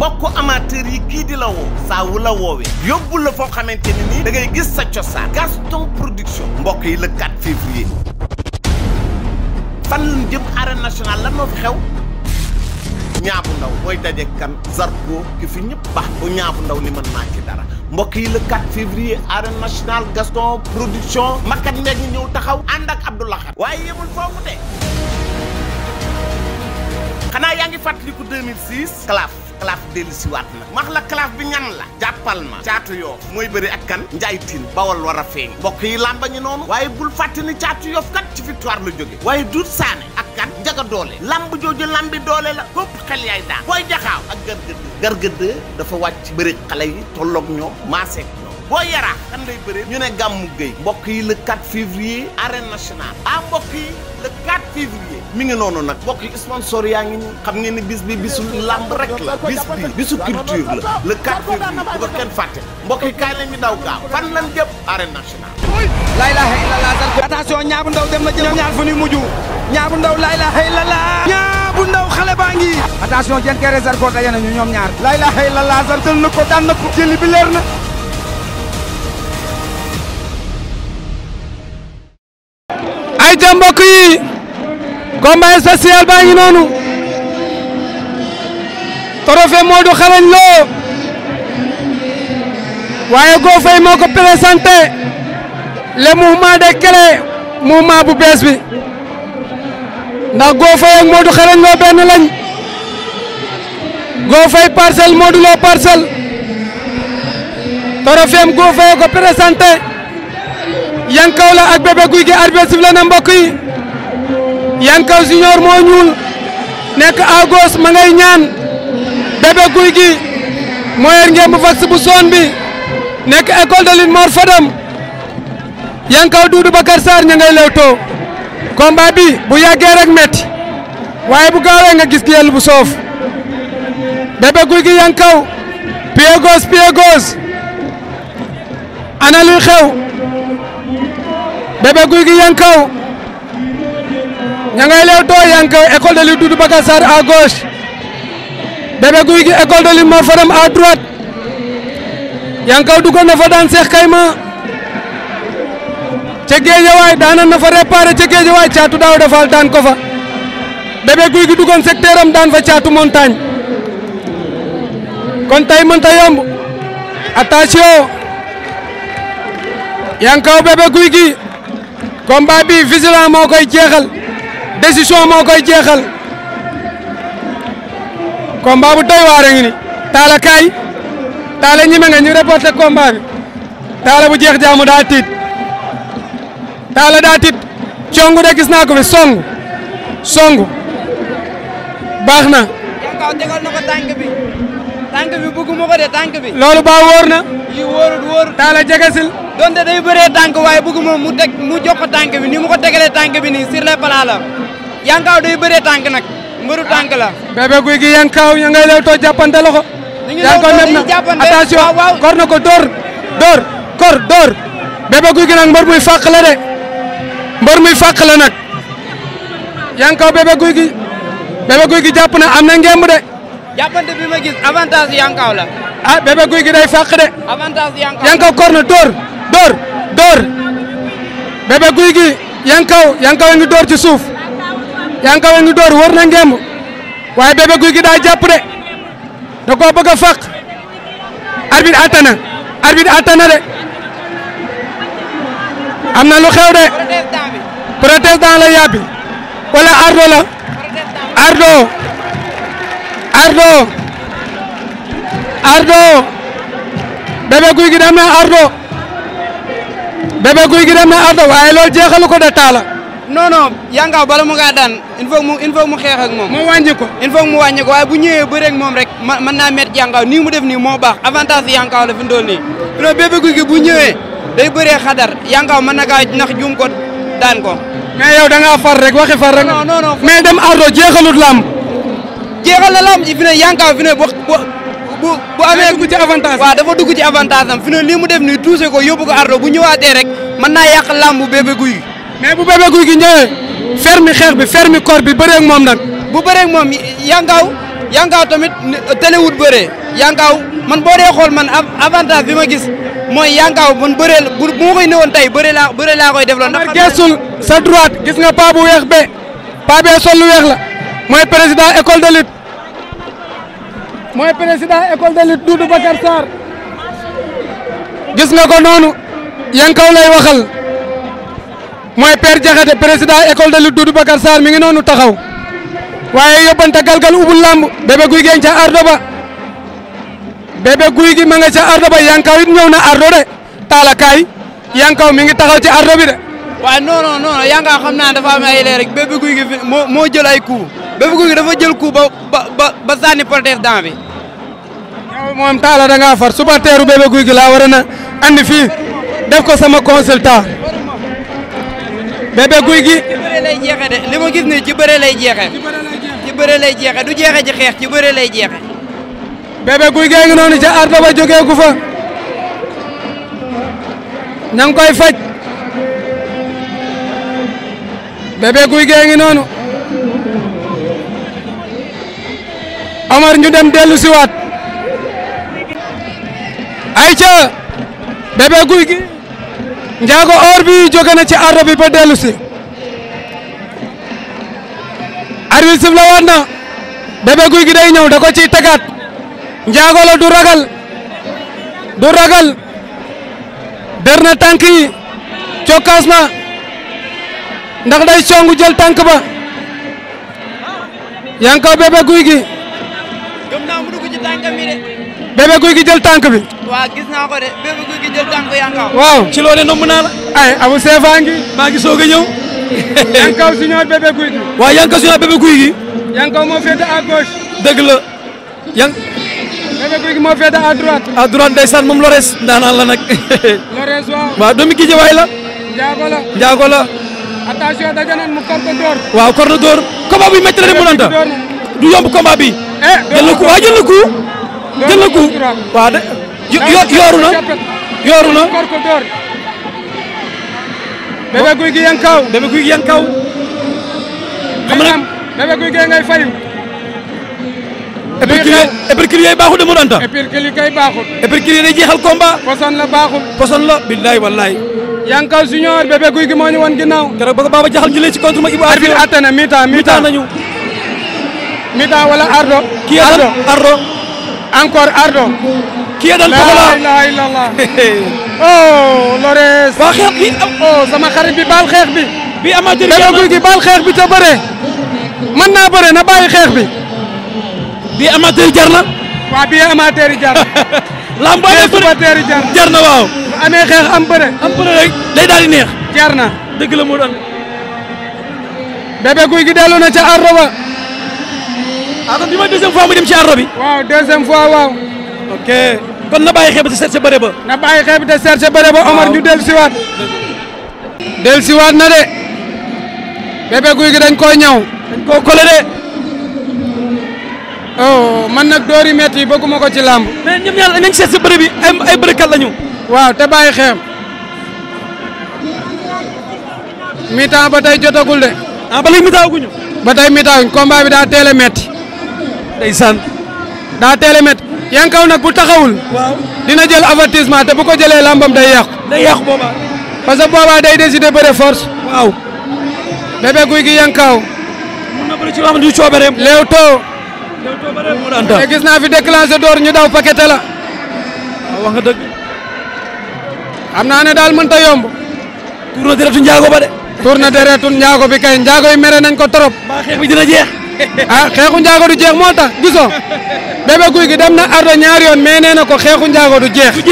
mbokk amateur yi kii di la woo saa la woowee yóbbu la foo xamante ni nii da ngay gis sa cosaan Gaston Production mbokk yi la 4 février fan lañ jëm arène nationale lan moo fi xew ñaabu ndaw mooy daje kan Zarko ki fi ñëpp baax bu ñaabu ndaw ni mën naa ci dara mbokk yi le 4 février arène nationale Gaston Production makkat meeg ñi ñëw taxaw ànd ak Abdou Lahad waaye yemul foofu de xanaa yaa ngi fàttaliku 2006 CLAF kalaaf dellusiwaat na wax la kalaaf bi ñan la jàppal ma caatu yoof mooy bëri ak kan njaay tiin bawal war a feeñ mbokk yi làmba ñu noonu waaye bul fàtte ni caatu yoof kat ci victoire la jóge waaye duut saane ak kan njaga doole lamb jooju lambi doole la képp xel yaay daan booy jaxaaw ak gargëdd gargëdd dafa wàcc bëri xale yi tolloog ñoo maaseek ñoo boo yaraa kan lay bëree ñu ne gàmmu géy mbokk yi le 4 février arène nationale ah mbokk yi le 4 février mi ngi noonu nag mbokk yi sponsor yaa ngi xam ngeen ni bis bi bisu làmb rek la bis bi bisu culture la le 4 février bu ko kenn fàtte mbokk yi kaay lañu daw gaaw fan lan jëm arène nationale laa ilaaha illallaah attention ñaabu ndaw dem na jël ñaar fu ñuy mujj ñaabu ndaw laa ilaaha illallaah ñaabu ndaw xale baa ngi attention jën kere Zarko daje nañu ñoom ñaar laa ilaaha illallaah zartal na ko daan na ko jëli bi leer na ay te mbokk yi combat spécial baa ngi noonu trophée Modou Xarañ Lo waaye Go moo ko présenté le mouvement de clé mouvement bu bees bi ndax Go Faye ak Modou Xarañ Lo benn lañ Go Faye parcelle Modou Lo parcelle trophée ko présenté Yankaw la ak Bébé Gouy Gui arbitre bi la na mbokk yi Yankaw Junior moo ñuul nekk à gauche ma ngay ñaan Bébé Gouy Gui moo yor ngemb vax bu zone bi nekk école de lutte Fadam Yankaw Doudou Bakar Sarr ña ngay lewtoo combat bi bu yàggee rek metti waaye bu gaawee nga gis yell bu soof Bébé Gouy Gui Yankaw pied gauche pied gauche ana luy xew Yankaw ña leew too yank école de lutte Doudou Baka Sarr à gauche Bébé Gouy école de lutte Mor Fadam yankaw duggoon na daan Seex Kayma ca Géejawaay daanan na fa réparé ca caatu daaw defal daan ko fa Bébé Gouy Gui duggoon secteur am daan fa caatu montagne kon tay yomb attention yankaw Bébé Gouy Gui combat bi vigilant moo koy jeexal décision moo koy jeexal combat bu doy waar ngi ni taala kaay taala ñime nga ñu reporté combat bi taala bu jeex jaamu daa tiit taala daa tiit congu de gis naa ko fi songu songu baax na. yaakaar tegal na ko tànk bi tànk bi bëgguma ko de tànk bi. loolu baa wóor na. lii taala jegesil. donte day bëree tànk waaye bëgguma mu mu jox ko tànk bi ni mu ko tegalee tànk bi nii sur les yankaaw day bëree tànk nag mbëru ah. tànk la Bébé Gouy Gui yankaaw ya ngay lew too jàppante loxo yankaaw nem na attention kor na ko door door kor door Bébé Gouy Gui nag mbër muy fàq la de mbër muy fàq la nag yankaaw Bébé Gouy Gui Bébé Gouy Gui jàpp na am na ngemb de jàppante bi ma gis avantage yankaaw la ah Bébé Gouy Gui day fàq de avantage yankaaw yankaaw kor na door door door Bébé Gouy Gui yankaaw yankaaw a door ci suuf Yankawa ngi door wër na ngemb waaye Bébé Gouy Gui daa jàpp de da koo bëgg a faq arbitre atte na arbitre de am na lu xew de protestant la yàbbi wala ardo la ardo ardo ardo Bébé Gouy Gui na ardo Bébé Gouy Gui dem na ardo waaye loolu jeexalu ko de taala non non Yankaw bala mu ngaa daan il faut mu il faut mu xeex ak moom. mu wàññi ko il faut mu wàññi ko bu ñëwee bëre ak moom rek mën naa métti Yankaw nii mu def nii moo baax avantage Yankaw la fi ndool nii non Bébé Gouy Gui bu ñëwee day bëree xadar Yankaw man na kaa nax juum ko daan ko. mais yow da ngaa far rek waxi far rek. non non non mais dem ardo jeexalut lamb. jeexal na lamb ji fi ne Yankaw fi ne bu bu bu amee. dugg ci avantage waaw dafa dugg ci avantage am fi ne lii mu def nii tuuse ko yóbbu ko ardo bu ñëwaatee rek mën naa yàq lamb Bébé Gouy Gui mais bu Bébé Gouy Gui ñëwee fermi xeex bi fermi corps bi bëree ak moom nag. bu bëree moom moom yangaaw yangaaw tamit tëlewut bëree yangaaw man boo dee xool man avantage bi ma gis mooy yangaaw man bëree la bu ma koy néewoon tey laa bëree laa koy def loolu. ndax geesul sa droite gis nga paa weex be paa bee sol lu weex la mooy président école de lutte mooy président école de lutte Doudou Bakar Sarr gis nga ko noonu yankaw lay waxal. mooy Père Diakhaté président école de lutte Doudou Bakar Sarr mi ngi noonu taxaw waaye yóbbante galgal ubul lamb bébé guy gi ca ardo ba bébé guy gi ma nga ca ardo ba yankaw it ñëw na ardo de taalakaay yankaw mi ngi taxaw ci ardo bi de waaye non non yankaw xam naa dafa am ay leer rek guy gi moo jël ay coup bébé guy gi dafa jël coup ba ba ba sànni protège dent bi moom taala da ngaa far supporteru bébé guy gi laa war na andi fii def ko sama consultant bébé guy gi. ci bëre lay jeexe de lay jeexe ci bëre lay jeexe xeex ci bëre lay jeexe bébé guy gee ngi noonu ca ardo ba jógee gu fa. ña ngi faj. bébé guy gee ngi noonu. Omar ñu dem dellu siwaat. ay njaago or bi jóge na ci ardo bi ba dellu si arbi sif la waat na bébé guy gi day ñëw da ko ciy tegaat njaago la du ragal du ragal der na tànk yi cokkaas na ndax day songu jël tànk ba yaa ngi guy gi bébé guy gi jël tànk bi waaw gis naa ko de bébé guy gi jël tànk yankaw. waaw ci loolu nomb naa la. ay abu seefaa maa ngi soog a ñëw. yankaw si ñoom bébé guy gi. waaw yankaw si ñoom bébé guy gi. yankaw moo féete à gauche. la yan. bébé guy gi moo féete à droite. à droite ndeysaan moom Lores ndaanaan la nag. Lores waaw. waaw doomi kii waay la. Njaago la Njaago la. attention daje nañ mu corne d'or. waaw corne d'or. combat bi métti na de Moulanta du yomb eh, ko waaw jël na ko. jël na ko waaw de. yooru na yooru na bébé guy gi yan kaw bébé guy gi yan kaw xam nga bébé guy gi ngay fayu éperculier yi baaxul de mu anta éperculier kay baaxul éperculier day jeexal combat poson la baaxul poson la billaay wallaay Yankaw Junior bébé guy gi moo ñu woon ginnaaw keroog ba ko Baba Jaxal jëlee ci contre ma Ibou Ardo arbitre atte na mi-temps mi-temps nañu mi-temps wala ki Ardo encore ardo kii dal pokola la ilaha illallah oh Lores bi oh sama xarit bi baal xeex bi bi amateur bi guy mën naa bëre na bi bi amateur yi jar na waa bi amateur yi jar na lamb amateur yi jar na waaw bu xeex am bëre am bëre neex jar na dëgg la moo doon bébé guy gi dellu na ca ardo ba ah kon bi mooy deuxième fois mu ci ardo bi. waaw deuxième fois waaw. ok kon na bàyyi xeeb te seet sa bëre ba. na bàyyi xeeb te seet sa bëre ba Omar ñu dellusiwaat. dellusiwaat na de. bébé guy gi dañ ñaw. dañ kole de. oh man nag doori metti bëgguma ko ci làmb. mais ñoom ñaar nañ seet sa bëre ay ay bërekat la ñu. waaw te bàyyi xeeb. mi ba tey jotagul de. ah ba léegi mi-temps guñu. ba tey mi-temps guñu combat bi daa teel a metti sant daa teel a métti yankaw nag bu taxawul. dina jël avertissement te bu ko jëlee lambam day yàqu. day yàqu parce que boobaa day décider bëre force. waaw. bébé guy gi yankaw. mun na bëri gis naa fi déclenché door ñu daw paquete la. waaw wax nga dëgg. xam naa daal mënut a yomb. tour na deretu njaago ba de. tour na njaago bi kay njaago yi mere nañ ko trop. a ah, xeexu njaago du jeex moo tax gisoo Bébé Gouy Gui dem na ardo ñaari yoon mais nee na ko xeexu njaago du jeex. du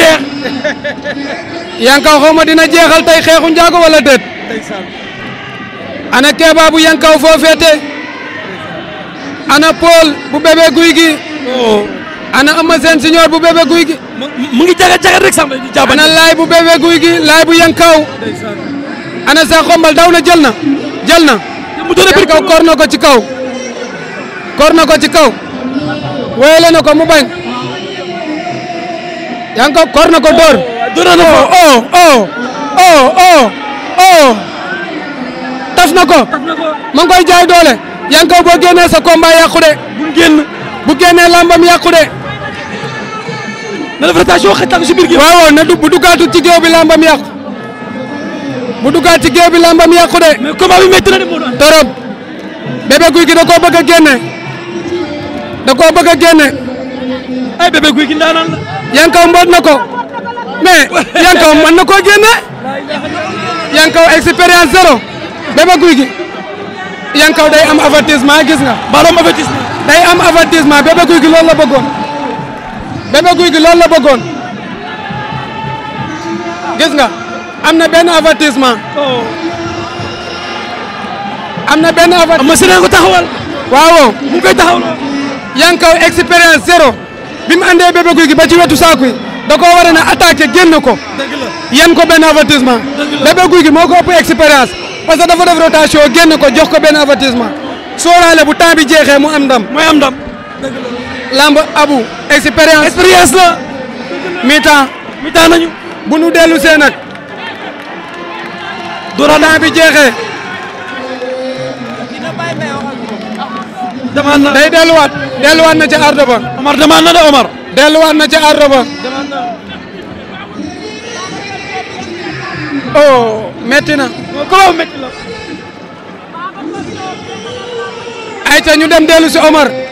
yankaw xaw ma dina jeexal tay xeexu njaago wala déet. ana Kéba bu yankaw foo féete. ana Paul bu Bébé Gouy Gui. Oh. ana Ama Sène Junior bu Bébé guy Gui. mu ngi jagat jagat rek sax ana laay bu Bébé Gouy Gui laay bu yankaw. ana sa xombal daw na jël na jël na. mu doon na kor na ko ci kaw. kor na ko ci kaw wéyale na ko mu bañ yaa ko kor na ko dóor. dóor na ko oh oh oh oh oh taf na ko. ma jaay doole. yaa ngi ko génnee sa combat yàqu de. bu génn bu génnee lambam yàqu de. na si biir bu duggaatu ci géew bi lambam yàqu. ci géew bi lambam yàqu de. mais combat de moo doon. torop bébé guy gi da koo génne. da koo bëgg a génne. ay gi ndaanaan la. yankaw mboot na ko mais yankaw mën na ko génne. yankaw expérience zéro bébé guy gi. yankaw day am avertissement gis nga. baaloom avertissement. day am avertissement bébé guy gi loolu la bëggoon. bébé guy gi loolu la bëggoon. gis nga am na benn avertissement. Oh. am na benn avertissement. am na ko taxawal. waaw mu koy taxawal. Yankaw expérience zéro bi mu andee Bébé Gouy Gui ba ci wetu saako da koo war na attaqué génn ko. yan ko benn avertissement. Bébé Gouy Gui moo ko ëpp expérience parce que dafa def rotation génn ko jox ko benn avertissement sóoraale bu temps bi jeexee mu am ndam. mooy am ndam. lamb abu expérience. expérience la. mi temps. mi temps nañu. bu nu dellu nag. du temps bi jeexee. demaan na day delluwaat delluwaat na ca ardo ba. na de Omar. delluwaat na ca ardo ba. oh na. koo métti ñu dem dellu ci Omar.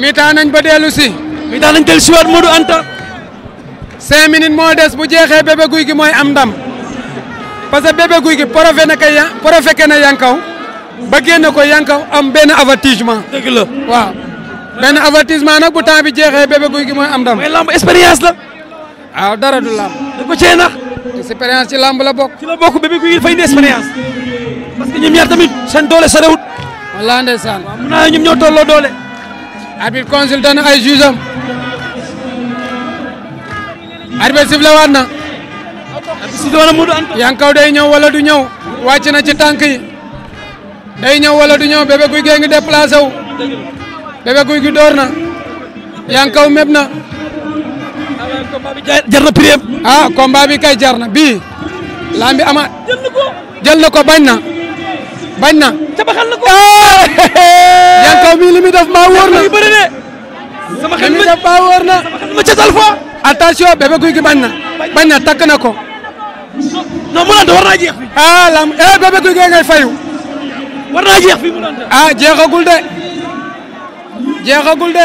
mitaa nañ ba dellu si. mitaa nañ dellu si waat Modou Anta. cinq minutes moo des bu jeexee bébé guy gi mooy am ndam parce que bébé guy gi profé na ko ya profé yankaw ba génne ko yankaw am benn avertissement. dëgg la waaw. benn avertissement nag bu temps bi jeexee bébé guy gi mooy am ndam. mooy expérience la. waaw ah, dara du lamb. da ko expérience ci làmb la bokk. ci la bokk bébé fay indi expérience. parce que ñaar tamit seen doole sa rewut. wallaahi ndeysaan. waaw mun naa na ay juge am. arbitre siflé waat na. Yankaw day ñaw wala du ñëw. wàcc na ci tànk yi. day ñëw wala du ñëw bébé guy gee ngi déplacé wu. bébé guy gi door na. Yankaw méb na. combat bi jar na prix ah combat bi kay jar na bii laam bi amaat. ko bañ na bañ na. tabaxal na ko. Yankaw mi li muy def maa wóor na li muy maa wóor na. ma ca tal fa. attention guy gi bañ na. bañ na takk na ko. non mu naan war naa jeex. ah eh, guy gi ngay fayu. war naa jeex fii mu naan ah, de.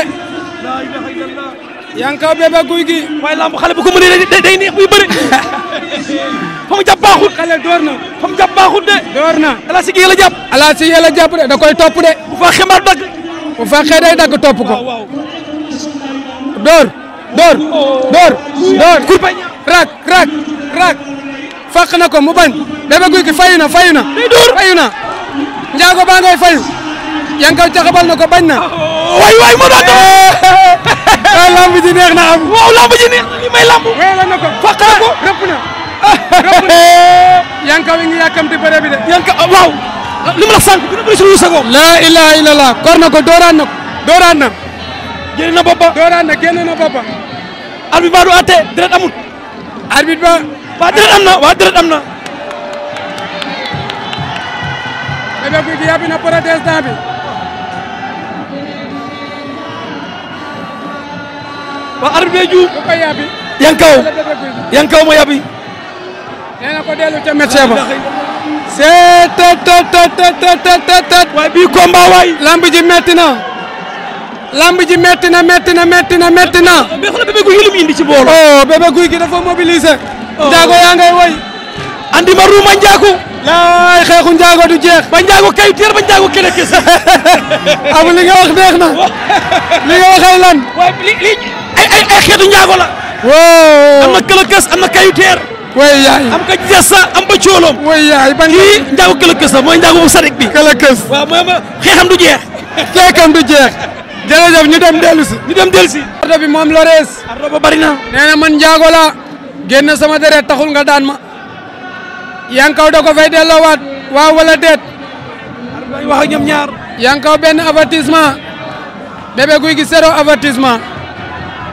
Yankaw Bébé Gouy Gui waaye lamb xale bu ko mënee day day neex buy bëri fa mu jàpp baaxut xale door na fa mu jàpp baaxut de door na ala si yéla jàpp ala si yéla jàpp da koy topp de bu fa xembaat dagg bu fa xee dagg topp ko door door oh. door door kurpañ rak rak rak na ko mu bañ Bébé Gouy Gui fayu na fayu na fayu na njaago baa ngay fayu yankaw caxabal na ko bañ na. waay waay moo doon doon. lamb ji neex na am. waaw lamb ji may lamb. weelal na ko fàq na ko na. yankaw yi ngi yàkkamti bëre bi de. yankaw ah, waaw. li ma la sànq dina bëri suñu sago. laa ilaha illallah kor na ko dooraan na ko. na. génn dooraan na génn na boppam. arbitre du àtte deret amul. arbitre waa deret am na waa deret am na. Bébé Gouy Gui yàbbi na protestant ba arbitre bee juum. bu ko yàbbi. yankaw yankaw ma yàbbi. nee na ko dellu ca médecin ba. c'est tet tet tet tet tet. waaye bii combat waay. lamb ji metti na. lamb ji metti na metti na metti na metti na. mais xanaa bébé guy gi lu mu indi ci boolo. oh bébé guy gi dafa mobiliser. Oh. njaago yaa ngay woy. andi ma ruuma njaaku. laay xeexu njaago du jeex. ba njaago kay teer ba njaago kele kese. amul li nga wax neex na. li nga waxee lan. waaye li li. ay la. woo am na këlëkës am na kayiteer. am ka jessa am ba cooloom. way ban kii njaago këlëkës mooy njaago bu sadik bi. këlëkës waaw mooy ma xeexam du jeex. xeexam du jeex. jërëjëf ñu dem dellu si. ñu dem dellu si. ardo bi moom Lores. ardo ba bari na. man njaago la génn sama deret taxul nga daan ma. yankaw da ko fay delloowaat. waaw wala déet. wax ñoom ñaar. yankaw benn avertissement. bébé guy gi zéro avertissement.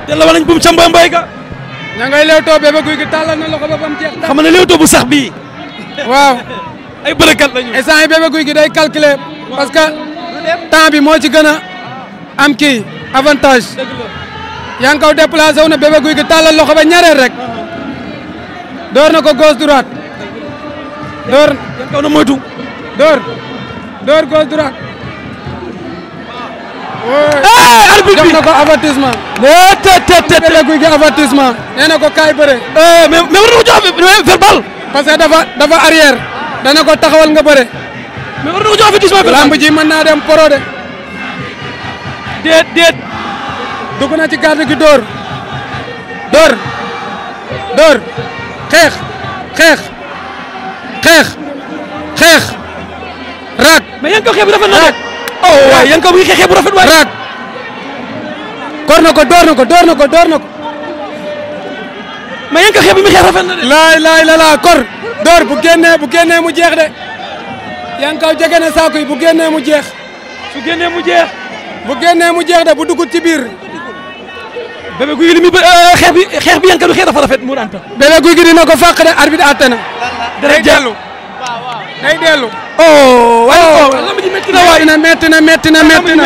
te la walañ bum ca mbay mbay ga. ña ngay léewtoo tàllal na loxo ba ba mu jeex. xam nga léewtoo bu sax bii. waaw. ay bërëkat lañu. instant yi Bébé Gouy Gui day parce que temps bi moo ci gën a am kii avantage. yaa ngi kaw wu na Bébé Gouy Gui tàllal loxo ba ñaareel rek. door na ko gauche droite. door na moytu. door door gauche droite. arbitre bi def na ko avertissement. te te te te guy gi na ko kaay bëre. mais mais war na ko jox verbal. parce que dafa dafa arrière. dana ko taxawal nga bëre. mais war na ko jox avertissement verbal. lamb ji mën naa dem poro de. déet déet. dugg na ci garde gi dóor. dóor. dóor. xeex. xeex. xeex. xeex. raak. mais yan ko dafa na rek oh waay yan ko bu rafet waay. raat kor na ko door na ko door na ko door na ko mais yan ko xeex bi mu xeex rafet na de. laay kor door bu génnee bu génnee mu jeex de yan kaw jege na saako yi bu génnee mu jeex. su génnee mu jeex. bu génnee mu jeex de bu dugut ci biir. bébé guy gi li muy ba euh, xeex bi xeex bi yan ko xeex rafet mu daan tax. bébé guy gi dina ko fàq de arbitre àtte na. dara day dellu. oh waaw lamb ji métti na waay na métti na métti na métti na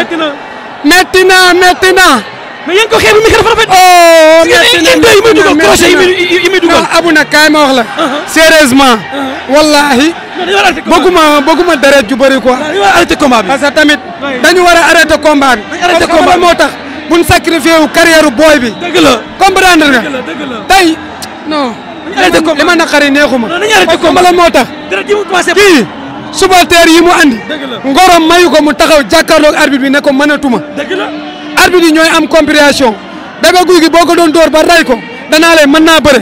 métti na métti na. ko xeeb oh, na métti na métti na yi muy dugal abu ah, na kaay ma wax la. Uh-huh. sérieusement. Uh-huh. wallahi bëgguma bëgguma deret ju bëri a arrêté combat parce que tamit dañu war a arrêté combat bi. parce que combat moo tax. buñ sacrifié wu booy bi. dëgg la nga. dëgg li ma naqari neexuma ma la moo tax kii supporter yi mu andi ngorom mayu ko mu taxaw jàkkaarloog arbitre bi ne ko mënatuma arbitre yi ñooy am compréhension daga guy boo ko doon dóor ba ray ko danaa lay mën naa bëre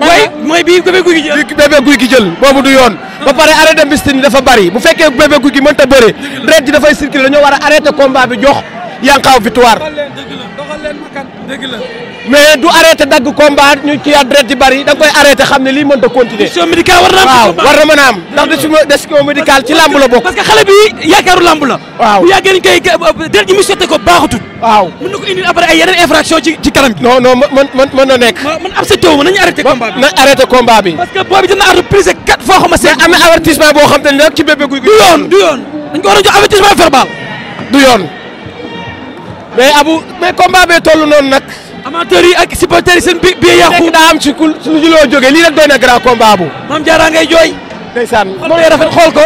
waaye ah. mooy bii bébé guy gi jël bii bébé guy gi jël boobu du yoon ah. ba pare arrêté mbistine dafa bari bu fekkee bébé guy gi mënta bëre deret ji dafay circuler dañoo war a arrêté combat bi jox Yankaw victoire mais du arrêté dagg combat ñu ci adresse di bari da koy arrêté xam ne lii mënut a continuer. war na mën a am. ndax décision ci lamb la bokk. parce que xale bi yaakaaru lamb waaw bu yàggee dañ koy euh, déet ñu mu sotte ko baaxutul. waaw mën na ko indil après ay yeneen infraction ci ci kanam. non mën na nekk. nañ arrêté combat bi. parce que boobu dina arrêté plus de quatre ma seen. mais am boo xam te ne nag ci bébé guy. du yoon du yoon dañ ko war a jox avertissement mais Abou mais combat bee toll noonu nag. amateurs yi ak supporters yi seen bi bi daa am ci ku suñu loo jógee lii rek doy na grand combat bu. maam Diarra ngay jooy. ndeysaan moo rafet xool ko.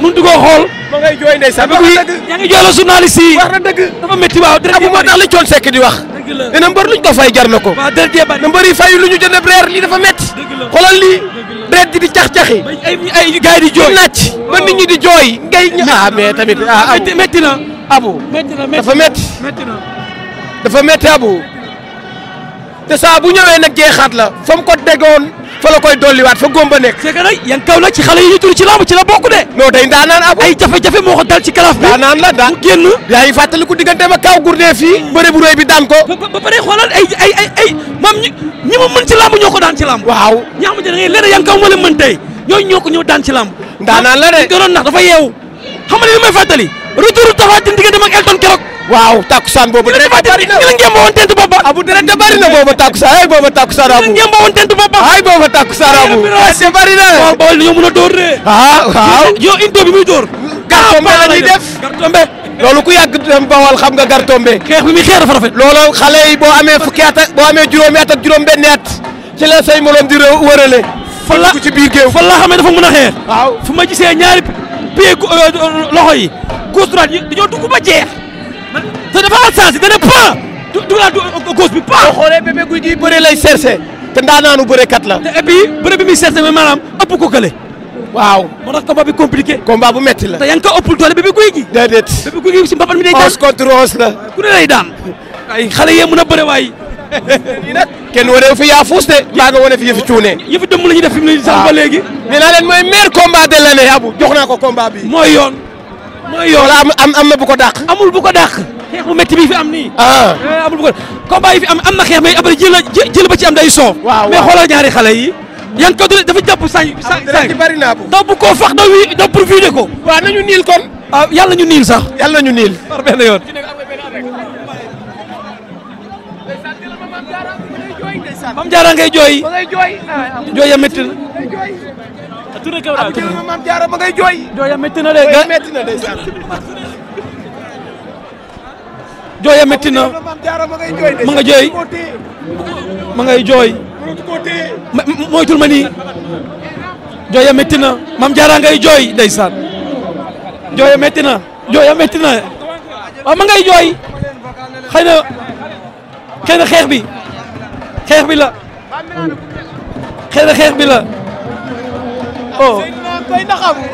mënut koo xool. ma ngay jooy ndeysaan ba muy yaa ngi jooyloo journaliste yi. wax na dëgg dafa métti waaw. dërëjëf coon sekk di wax. dëgg la dina mbër luñ ko fay jar na ko. waaw dërëjëf ba na mbër yi fayu lu ñu jënd reer lii dafa métti. xoolal lii deret ji di cax-caxi. ay ay gars yi di jooy naaj. ba nit ñi di jooy ngay. ah mais tamit ah abu métti na. abu dafa métti. métti na dafa métti abu. te saa bu ñëwee nag jeexaat la fa ko déggoon fa la koy dolliwaat fa góom ba nekk. c'est que nag yan kaw nag ci xale yi ñu jur ci lamb ci la bokk de. non day daanaan ab. ay jafe-jafe moo ko dal ci kalaaf bi. daanaan la daan ko. ba ba pare xoolal ay ay ay ay moom ñi ñi ma mën ci lamb ñoo ko daan ci lamb. waaw ñi nga xamante ne léeg-léeg yan kaw ma la mën tey ñooñu ñoo ko ñëw daan ci lamb. daanaan la de gënoon nax dafa yeewu xam nga li may fàttali retour Tapha Tine diggante ak Elton keroog. waaw takkusaan boobu. dërët ba bëri na dërët ba bëri na booba. abu dërët ba bëri na booba takkusaan ay booba takkusaan abu. dërët ba bëri na booba. ay booba takkusaan abu. dërët ba bëri na. waaw booy li ñu mën a door de. ah waaw yow indo bi muy door. gartombe ah, la ñuy def gartombe. loolu ku yàgg dem bawal xam nga gartombe. xeex bi muy xeex dafa rafet. loolu xale yi boo amee fukki at ak boo amee juróomi at ak juróom-benni at ci la say moroom di wërale. fa la fa la xamee dafa mën a xeex. waaw fu ma gisee ñaari pied euh, loxo yi gauche droite yi dañoo dugg a jeex te dafa am sens dana pas dugalaat gauche bi pas. boo xoolee Bébé Gouy Gui bëre lay cherché te ndaanaanu bërekat la. te et puis bëre bi muy ëpp ko waaw moo tax combat bi compliqué. combat bu metti la. te yaa ngi ko ëppul doole Bébé Gouy Gui. déedéet Bébé Gouy Gui mi day daan. onze contre onze ay xale yee mën a bëre waay. kenn wane fi yaa fuus de mbaa nga wane fi yëfi cuune. yëfi dëmm la ñuy def fi ah. nee naa ko combat bi mooy yoon. mooy yoon wala am am am na bu ko amul bu ko dàq. xeex bu métti bi fi am nii. Ah. Eh, amul bu ko combat fi am am na xeex mais après jël jël ba ci am day soof. waaw mais xoolal ñaari xale yi. yan ko dafa jàpp saa yu saa yu bari naa ko. daw bu ko fax daw wi ko. waaw nañu ah, yàlla ñu niil sax. yàlla ñu niil. par benn yoon. mam jaara ngay jooy. jooy ya métti Touré Kewra ak jël na Mame Diarra ba ngay jooy. jooyam métti na de ga métti na de sax. jooyam ma nga jooy ma ngay jooy. moytul ma nii. jooyam métti na Mame Diarra ngay jooy ndeysaan. jooyam métti na jooyam métti na waaw ma ngay jooy xëy na xëy xeex bi xeex bi la xëy xeex bi la. oh.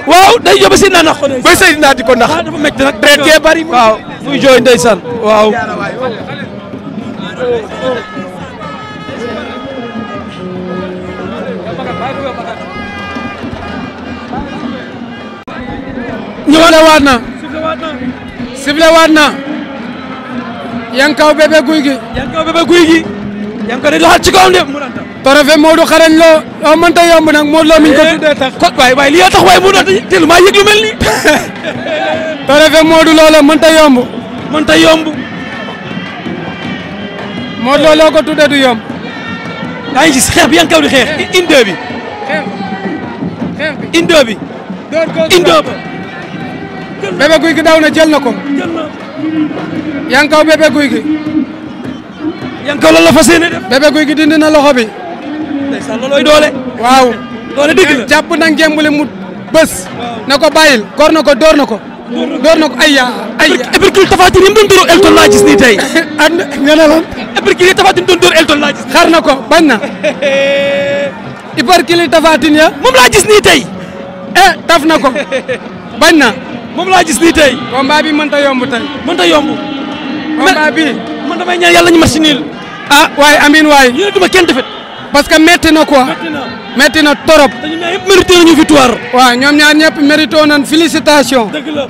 waaw day yóbbu si na nax ko day Seydina di ko nax. waaw ah, dafa métti nag traite kee bari. waaw trophée Modou xarañ loo mënta yomb nag Modou Lo miñ ko eh, tuddee tax ko waay waay li yoo tax maa yëg lu mel nii trophée Modou Lo la mënta yomb mënta yomb Modou Lo loo ko tuddee du yomb yaa ngi gis xeex di xeex indee bi xeex guy gi daw na jël na ko yaa ngi guy gi yaa loxo bi ndeysaan loolooy doole. waaw doole dëgg la jàpp na mu bës. na ko bàyyil gor na ko door na ko. door na ko ay yaa ay yaa. épercule Tapha Tine yi mu doon dóor Elton laa nii tey. and nga ne lan. épercule yi Tapha Tine doon dóor Elton laa gis. xar na ko bañ na. épercule yi Tapha Tine ya. nii tey. eh taf na ko bañ na. moom laa gis nii tey. combat bi mënut a yomb tey. mënut a yomb. combat bi man damay ñaan ñu machine ah waaye amiin waaye. parce que métti na quoi. métti na torop. te ñoom ñaar ñëpp mérité nañu victoire. waaw ñoom ñaar ñëpp mérité nañ félicitation. dëgg la.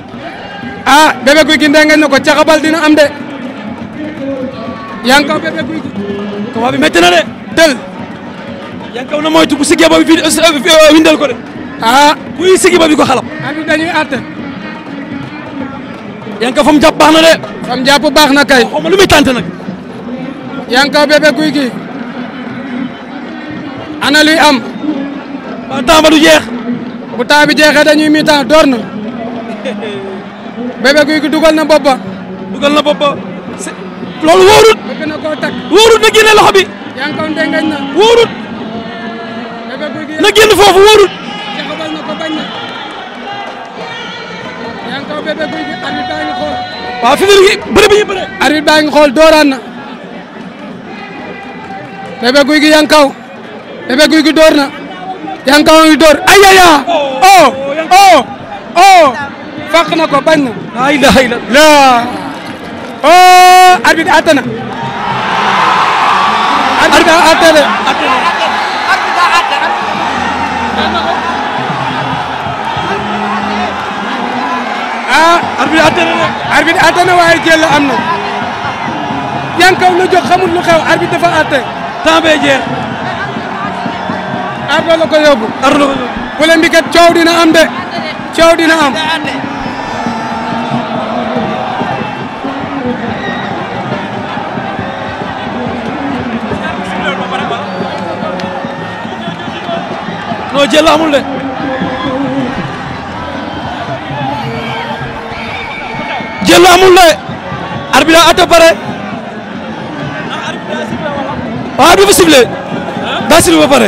ah bébé guy gi ndengeñ na ko caxabal dina am de. yaa ngi kaw bébé guy gi. combat bi métti euh, euh, euh, ko de. ah kuy siggi ba bi ko xalam. abi dañuy àtte. baax na de. fa mu baax na kay. xaw ma lu muy ana luy am. waaw ah, temps du jeex. bu temps bi jeexee dañuy mi temps door na. guy gi dugal na bopp loolu wóorut. na koo takk. loxo bi. na. wóorut. bébé foofu wóorut. jaxabal na ko bañ na. yaa ngi ko bébé xool. dooraan na. bébé guy gi yaa Bébé Gouy Gui door na Yankaw ngi door ay ya ya oh oh oh na ko bañ ay la ay la la oh arbitre atte na na ah arbitre atte na na waaye jël am na Yankaw la jóg xamul lu xew arbitre dafa atte temps bee jeex ardo ko yóbbu. ardo bi kat coow dina am de. coow dina am. non jël amul de. jël de. arbitre a pare. Ah, waaw du fa daa sifflé ba pare.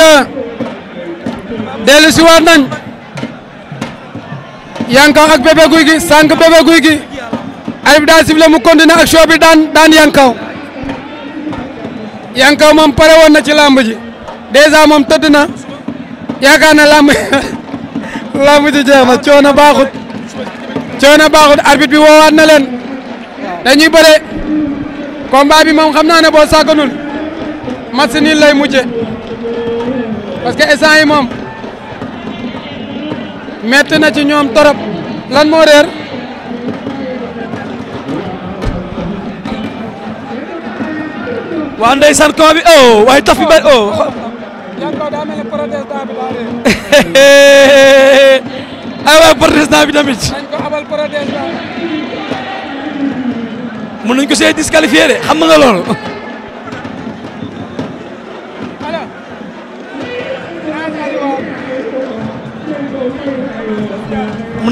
acca dellu si waat nañ yankaw ak bébé guy gi sànq bébé guy gi ay bi daal sifle mu continuer action bi daan daan yankaw yankaw moom pare woon ci làmb ji dèjà moom tëdd na yaakaar na làmb làmb ji jeex na coono baaxut coono baaxut arbitre bi woowaat na leen dañuy bëre combat bi moom xam naa ne boo sàgganul match nii lay mujje parce que instant yi moom metti na ci ñoom torop lan moo réer waa ndeysaan ko bi oh waaye taf bari oh ay ah, waay protestant bi tamit mën nañ ko see disqualifié de xam nga loolu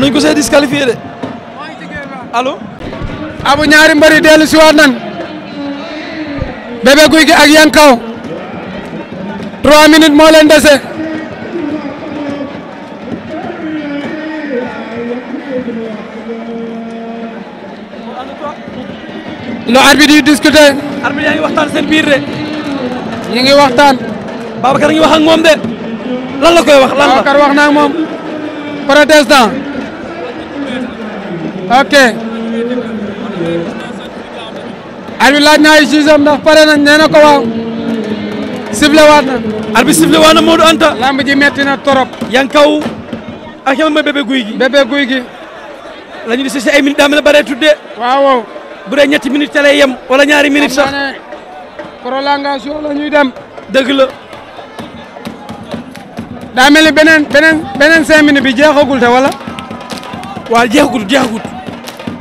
mën nañ ko see disqualifié de allo. abu ñaari mbëri dellu si waat nan Bébé Gouy Gui ak Yankaw trois minutes moo yaa ngi waxtaan seen biir de ñu ngi waxtaan Babacar a ngi wax ak moom de lan la koy wax lan la Babacar wax naa ak moom protestant ok arbitre laaj na ay juge am ndax pare nee na ko waaw sifflé na arbitre sifflé waat na Modou Anta lamb ji metti na torop yankaw ak yama ma bébé guy gi bébé guy gi la di si si ay bare tuddee waaw bu ñetti minutes ca yem wala ñaari minutes sax prolongation la ñuy dem dëgg la mel ni beneen beneen beneen cinq minutes bi jeexagul te wala waaw jeexagul jeexagul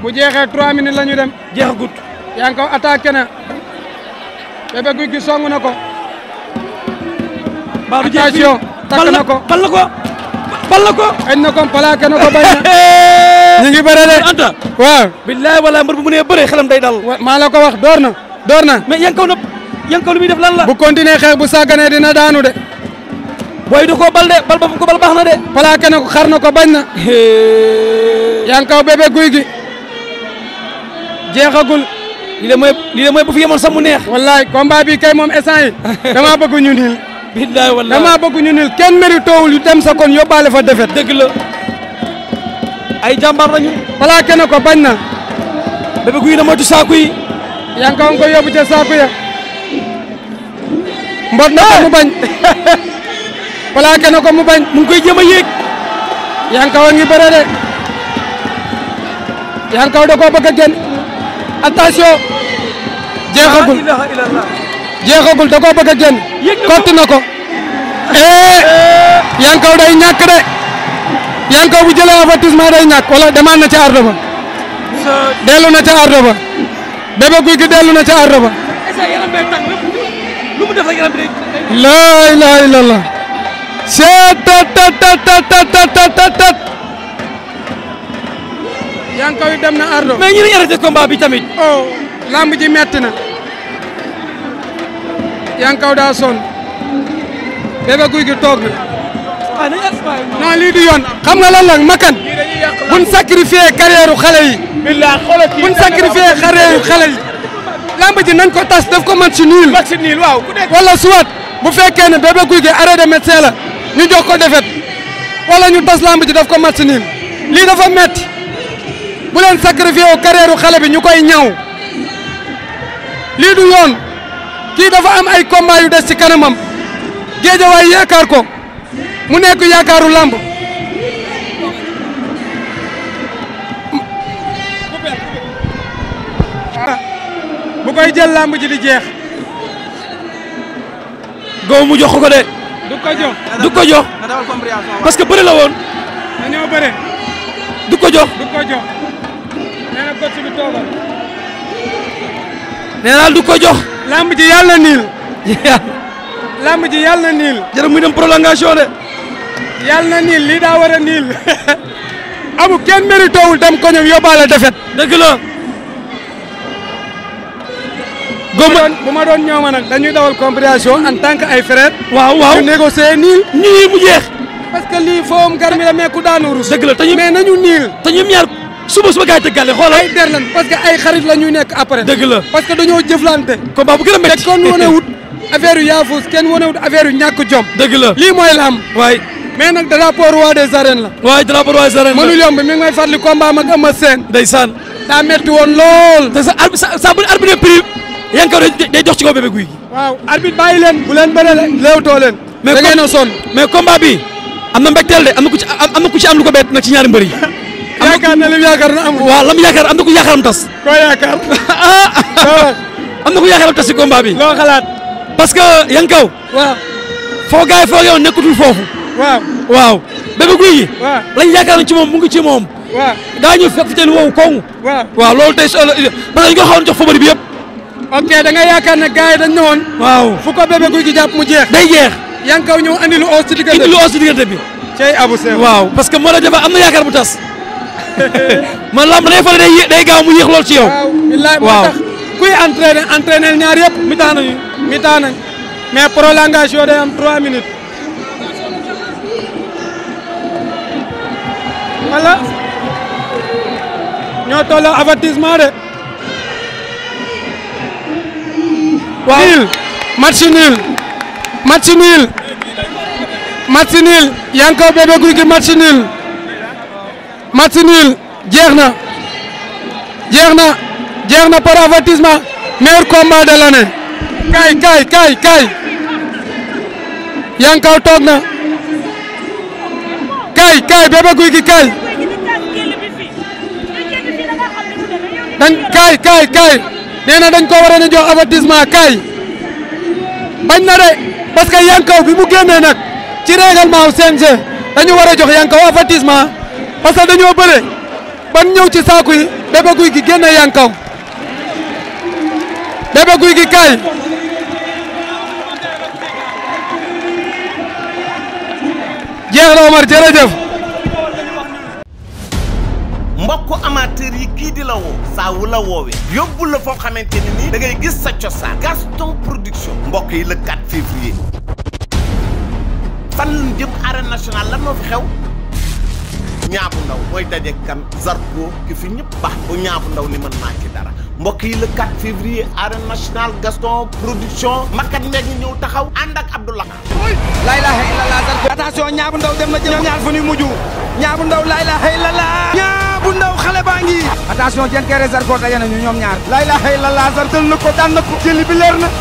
bu jeexee 3 minutes la ñu dem. jeexagut. yaa ngi ko attaqué na. Bébé Gouy ko. baa du jeex attention takk na ko bal na ko bal na ko. xëj na ko plaqué na ko bañ na. ñu ngi bëre de. Anta waaw. billahi wala mbër bu mu nee bëree xelam day dal. maa ko wax door na. door na mais yankaw na yankaw lu muy def lan la. bu continuer xeex bu sàgganee dina daanu de. booy da koo bal de bal ba ko bal baax na de. plaqué ko xar na ko bañ na. yankaw Bébé Gouy Gui. jeexagul lii de mooy lii de mooy bu fi yemoon sax mu neex. wallaay kay moom instant yi damaa bëgg ñu niil. billaay wallaay damaa bëgg ñu niil kenn yu dem sa kon yóbbaale fa defet dëgg la ay jàmbaar lañu. balaa kenn ko bañ na. bébé guy na moytu saako yi. yaa ngi ko yóbbu ca saako na mu bañ. balaa kenn ko mu bañ. mu ngi koy jéem a yéeg. yaa ngi ko ngi bëre ko da koo attention jeexagul jeexagul da koo bëgg a génn kotti na ko eh, eh. Yankaw day ñàkk de Yankaw bu jëlee avertissement day ñàkk wala demaat na ca ardo ba dellu na ca ardo ba Bébé Gouy Gui dellu na ca ardo ba la ilaha illallah seet tat tat tat tat tat yi dem na Ardo. mais ñu ngi arrêté combat bi tamit. Oh, lamb ji mett na. Yankaw daa sonn. Bébé Gouy Gui toog na. ah lii du yoon xam nga lan la makan buñ sacrifié carrière xale yi. billaah xoolal kii xale yi. lamb ji nañ ko tas daf ko match nul. match nul waaw ku suwat bu fekkee ne Bébé Gouy Gui arrêt de médecin la ñu jox ko defet wala ñu tas lamb ji daf ko match nul lii dafa metti bu leen sacrifié wu xale bi ñu koy ñaw lii du yoon kii dafa am ay combat yu des ci kanamam géejawaay yaakaar ko mu nekk yaakaaru làmb bu koy jël làmb ji di jeex goo mu jox ko de du ko jox du ko jox parce que bëri la woon dañoo bëre du ko jox du ko jox coach nee naa du ko jox. lamb ji yàlla niil. lamb ji yàlla na niil. jërëjëf muy dem prolongation de. yàlla na niil lii daa war a niil. amu kenn méritowul dem ko ñoom yóbbaale defet. dëgg la. góob bu ma doon ñooma nag dañuy dawal compréhension en tant que ay frère. waaw waaw ñu négocier niil. nii mu jeex. parce lii foom gar mi la dëgg la te nañu niil. te ñoom suba suba gars yi tëggaale xoolal ay der lan parce que ay xarit la ñuy nekk après dëgg la parce que dañoo jëflante combat bu gën a kon wane wut yaafus kenn wane wut affaire jom dëgg la lii mooy lamb waay mais nag drapeau roi la mënul yomb mi ngi may fàttali combat mag ama daa métti woon lool te sa sa bu arbitre prix yaa ngi guy waaw arbitre bàyyi leen bu leen bëre léew too a am na mbégteel de am na ku ci am na ku ci yaakaar na lim yaakaar na amul. waaw lam yaakaar am na ku yaakaaram tas. koo yaakaar. am na ku yaakaaram tas si combat bi. loo xalaat. parce que Yankaw. waaw. foo gaay foo yow nekkutul foofu. waaw waaw. Bébé Gouy Gui. waaw lañ yaakaar ci moom mu ngi ci moom. waaw daañu fekk te lu wow koŋŋ. waaw waaw loolu tey parce que dañu ko xawoon jox favori bi yëpp. ok da nga yaakaar ne gars yi dañ ne woon. waaw fu ko Bébé Gouy Gui jàpp mu jeex. day jeex. Yankaw ñëw andi lu oos ci diggante bi bi. cey Abou parce que moo la am na yaakaar bu tas. man lamb day fële day day gaaw mu yéex ci yow. waaw kuy entraîner entraîner ñaar yëpp mi tax nañu mi tax nañ mais am 3 minutes. wala ñoo tolloo avertissement de. waaw nul match nul match nul match nul Yankaw Bébé Gouy Gui match nul. match nul jeex na jeex na jeex na par avertissement meilleur combat de l'année kay kay kay kay Yankaw toog na kay kay Bébé Gouy Gui kay dañ kay kay kay nee na dañ ko war a jox avertissement kay bañ na de parce que Yankaw bi mu génnee nag ci règlement CNG dañu war a jox Yankaw avertissement parce que dañoo bëre ban ñëw ci saaku yi Bébé Gouy Gui génne yankaw Bébé Gouy Gui kaay jeex na Omar jërëjëf mbokk amateur yi kii di la woo saa wu la woowee yóbbu la foo xamante ni nii da ngay gis sa cosaan Gaston Production mbokk yi le 4 février fan lañ jëm arène nationale lan moo fi xew ñaabu ndaw mooy daje kan Zarko ki fi ñëpp baax bu ñaabu ndaw ni mën naa ci dara mbokk yi le 4 février arène nationale Gaston production makkat meeg ñi ñëw taxaw ànd ak Abdoulaye. laa ilaaha illallah Zarko. attention ñaabu ndaw dem na jël ñaar fu ñuy mujj ñaabu ndaw laa ilaaha illallah. ñaabu ndaw xale baa ngi. attention jën kere Zarko daje nañu ñoom ñaar. laa ilaaha illallah Zarko na ko daan na ko. jëli bi leer na.